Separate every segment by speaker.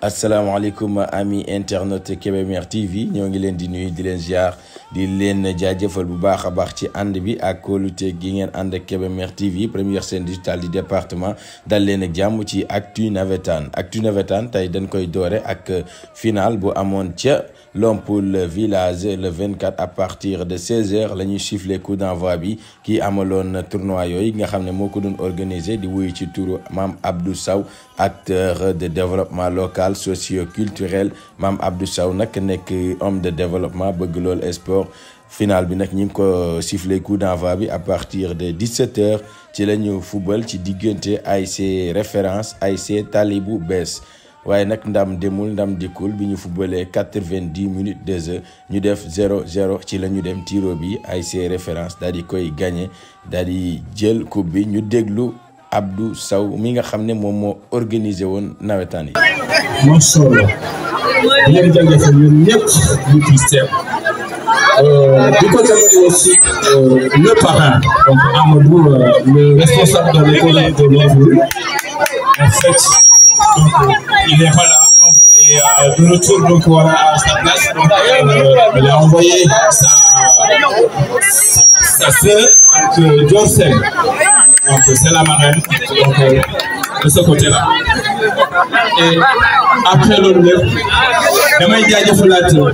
Speaker 1: asalaamaaleykum ami internet Kébémer TV ñoo ngi leen di nuyu di leen ziar di leen jaajëfal bu baax a baax ci ànd bi ak kóolute gi ngeen ànd ak Kébémer TV première chaîne digitale du département dal leen ak jàmm ci actu navétane actu navétane tey dañ koy doore ak final bu amoon ca le village le 24 à partir de 16h la ñuy siffler coup d'envoi bi ki amaloon tournoi yooyu nga xam ne moo ko doon organisé di wuyu ci turu maam Abdou Sow acteur de développement local socio culturel maam Abdou Sow nag nekk homme de développement bëgg lool sport sport final bi nak ñi ko euh, sifflé coup d'envoi bi à partir de 17h ci lañu football ci digënté ASC référence ASC Talibou Bess waye nak ndam demul ndam dikkul bi ñu footballee 90 minutes de jeu ñu def 0-0 ci lañu dem tiro bi ASC référence daal di koy gagner daal di jël coupe bi ñu déglu Abdou Sow mi nga xamné ne moom moo organisé woon nawetaan yi. macha
Speaker 2: allah ñëpp
Speaker 1: ñu
Speaker 2: du euh, côté de aussi, euh, le parrain, donc
Speaker 3: Amadou, euh, le responsable de l'école de l'OVU.
Speaker 2: En fait, il n'est pas là. Et
Speaker 3: de retour, donc voilà, à sa place, donc, elle a envoyé sa, sœur, soeur, donc Donc c'est la
Speaker 2: marraine, donc, de ce côté-là. Et après loolu lépp damay jaajëfalaat groupe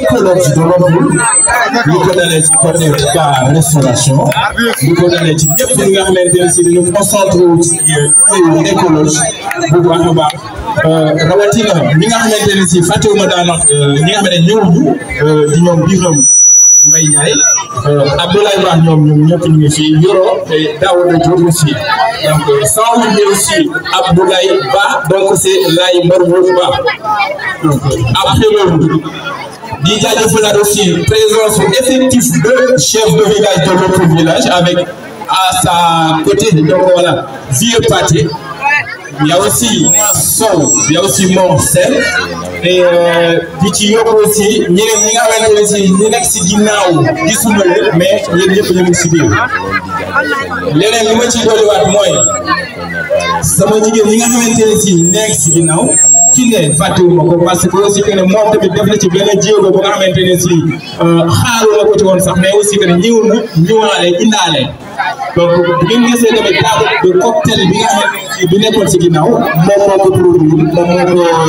Speaker 2: écologue de Roboul
Speaker 3: lu ko dalee ci côté bar restauration lu ko dalee ci ñëpp ñi nga xamante ne si dañu concentré wu ci écologie bu baax a baax euh, rawatina ñi nga xamante ne si fàttewuma daanaka euh, ñi nga ne ñëwuñu euh, di ñoom biiram Mbaye Ndiaye euh, Abdoulaye Ba ñoom ñoom ñëpp ñu ngi fii Yoro Daouda Diop aussi
Speaker 2: donc euh, sans oublier aussi
Speaker 3: donc c' est Laye Mbarou Ba
Speaker 2: euh, après
Speaker 3: loolu di jaajëfalaat aussi présence effective de chef de village de notre village avec à sa côté donc voilà vieux pâté.
Speaker 2: il y a aussi
Speaker 3: Sow il y moom Sène et euh, di ci yokk aussi ñeneen ñi nga xamante ne si ñi nekk si ginnaaw gisuma lépp mais yéen ñëpp ñu ngi si biir
Speaker 2: leneen li ma ciy dolliwaat mooy
Speaker 3: sama jigéen ñi nga xamante ne si nekk si ginnaaw ki ne fàttewuma ko parce que aussi que ne moom tamit def na ci benn jéego bu nga xamante ne si euh, xaaruma ko ci woon sax mais aussi que ne ñëwoon ñëwaale indaale. donc bu ngeen gisee tamit cadre de cocktail bi nga xam bi nekkoon si ginnaaw moom moo ko produit moom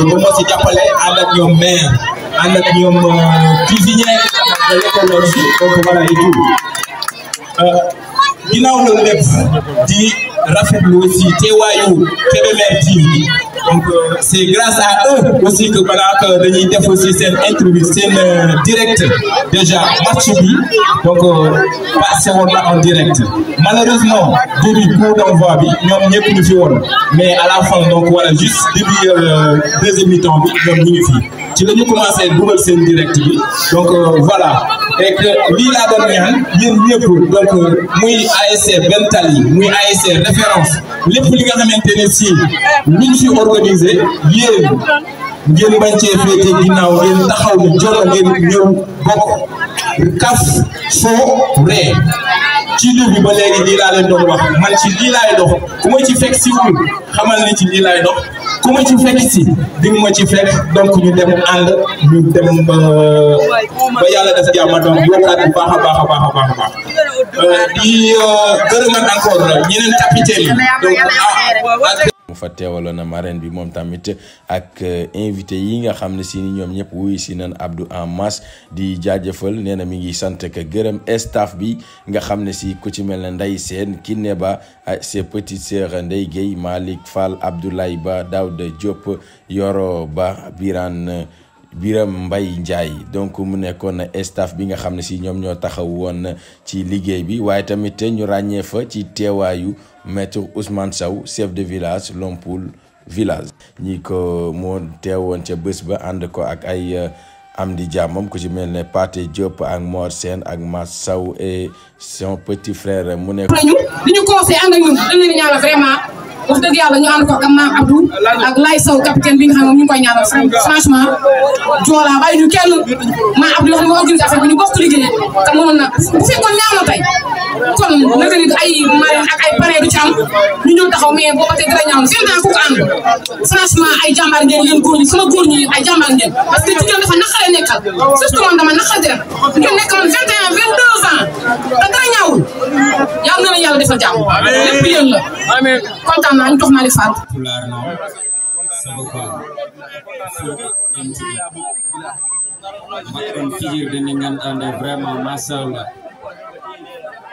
Speaker 3: moo ko si jàppale ànd ak ñoom maire ànd ak ñoom euh, cuisinier de l'école aussi donc voilà et tout euh,
Speaker 2: ginnaaw loolu lépp di
Speaker 3: rafetlu aussi teewaayu Kébémer TV
Speaker 2: donc euh, c'est grâce à eux aussi
Speaker 3: que balaa que euh, dañuy def aussi seen interview seen euh, direct déjà match bi donc passé woon na en direct malheureusement début coup d'envoi bi ñoom ñëpp ñu fi woon mais à la fin donc voilà juste début deuxième mi-temps bi ñoom ñu lañu la ñu commencé dugal seen direct bi donc euh, voilà et que lii laa doon ñaan yéen ñëpp donc euh, muy ASC Bene Tally muy ASC référence lépp li nga xamante ne si luñ fi organisé yéen ngeen bañ cee féete ginnaaw ngeen taxaw ni jolo ngeen ñëw bokk kaf foo ree ci liir bi ba léegi lii laa leen doon wax man ci lii laay dox ku ma ci fekk si wul xamal ni ci lii laay dox ku ma ci fekk si di ma ci fekk donc ñu dem ànd ñu dem ba
Speaker 2: yàlla def jàmm donc yokkaat bu baax a
Speaker 1: baax a baax a baax a baax
Speaker 2: euh, di euh, gërëmaat encore euh, ñeneen capitaine yi donc ah,
Speaker 1: mu fa teewaloon na marraine bi moom tamit ak euh, invité yi nga xam ne si ñoom ñëpp wuyu si nan Abdou en masse di jaajëfal nee na mi ngi sant ak gërëm staf bi nga xam ne si ku ci mel ne seen Sène ne Ba ak ses petites sœurs Ndeye Guèye Malick Fall Abdoulaye Ba Daouda Diop Yoro Ba Birane biram mbay Ndiaye donc mu nekkoon na staff bi nga xam ne si ñoom ñoo taxaw woon ci liggéey bi waaye tamit ñu ràññee fa ci teewaayu maître Ousmane Sow chef de village Lompoul village ñi ko moo teewoon ca bés ba ànd ko ak ay euh, am di jàmmam ku ci mel ne Pathé Diop ak Mor Sène ak Mas Sow et son petit frère mu nekk. ñu li ñu conseillé ànd ak
Speaker 3: ñun dañ leen ñaanal vraiment. wax dëgg yàlla ñu ànd ko ak maam Abdou ak Lay Sow capitaine bi nga xam ne ñu ngi koy ñaanal franchement Joola bàyyi ñu kenn maam Abdou wax na ma organisation bi ñu bokk liggéey te na bu fekkoon ñaaw
Speaker 2: naka nit ay may ak ay pare
Speaker 3: du ci am ñu ñëw taxaw mais booba tey dara ñaaw seen ku ko am franchement ay jàmbaar ngeen yéen góor ñi sama góor ñi ay jàmbaar ngeen parce que jigéen dafa naqare nekkal surtout man dama naqar dara ngeen nekk man 21 22 ans te dara ñaawul
Speaker 2: yàlla na la yàlla defal jàmm lépp yéen la
Speaker 3: kontaan naa ñu toog naa di faatu ya,
Speaker 2: sabaka makan dengan anda vraiment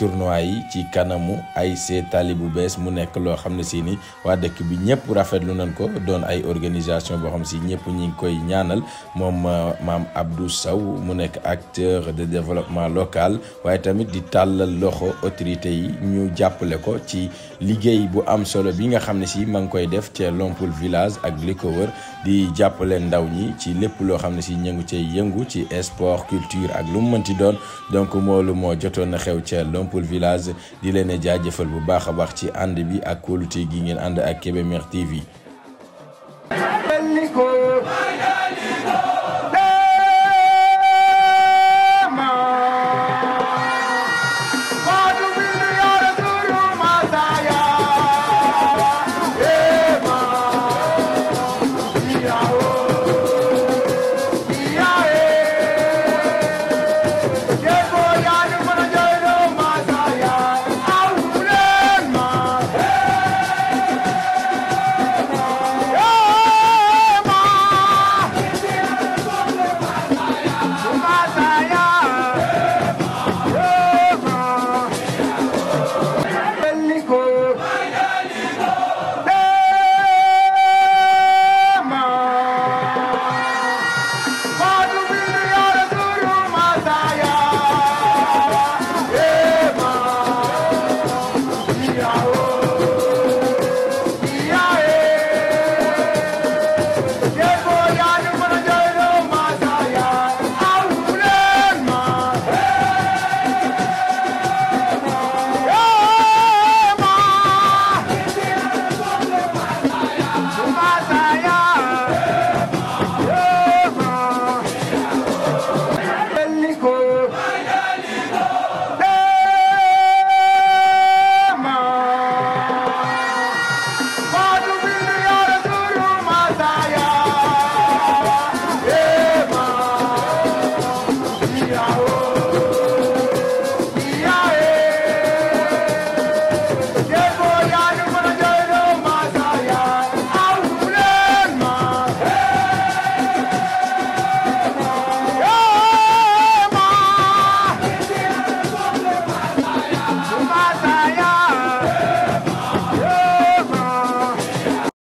Speaker 1: tournoi yi ci kanamu ay Tali bu bees mu nekk loo xam ne si ni waa dëkk bi ñëpp rafetlu nañ ko doon ay organisation boo xam si ñëpp ñi koy ñaanal euh, Abdou saw mu acteur de développement local waaye tamit di tàllal loxo autorité yi ñu jàppale ko ci liggéey bu am solo bi nga xam si koy def village ak li di jàppale ndaw ñi ci lépp loo xam si ci sport culture ak lu mu mënti donc moolu moo jotoon na xew ca People Village di leen jaajëfal bu baax a baax ci ànd bi ak kóolute gi ngeen ànd ak Kébémer TV.